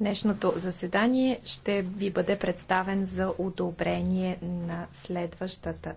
Днешното заседание ще ви бъде представен за одобрение на следващата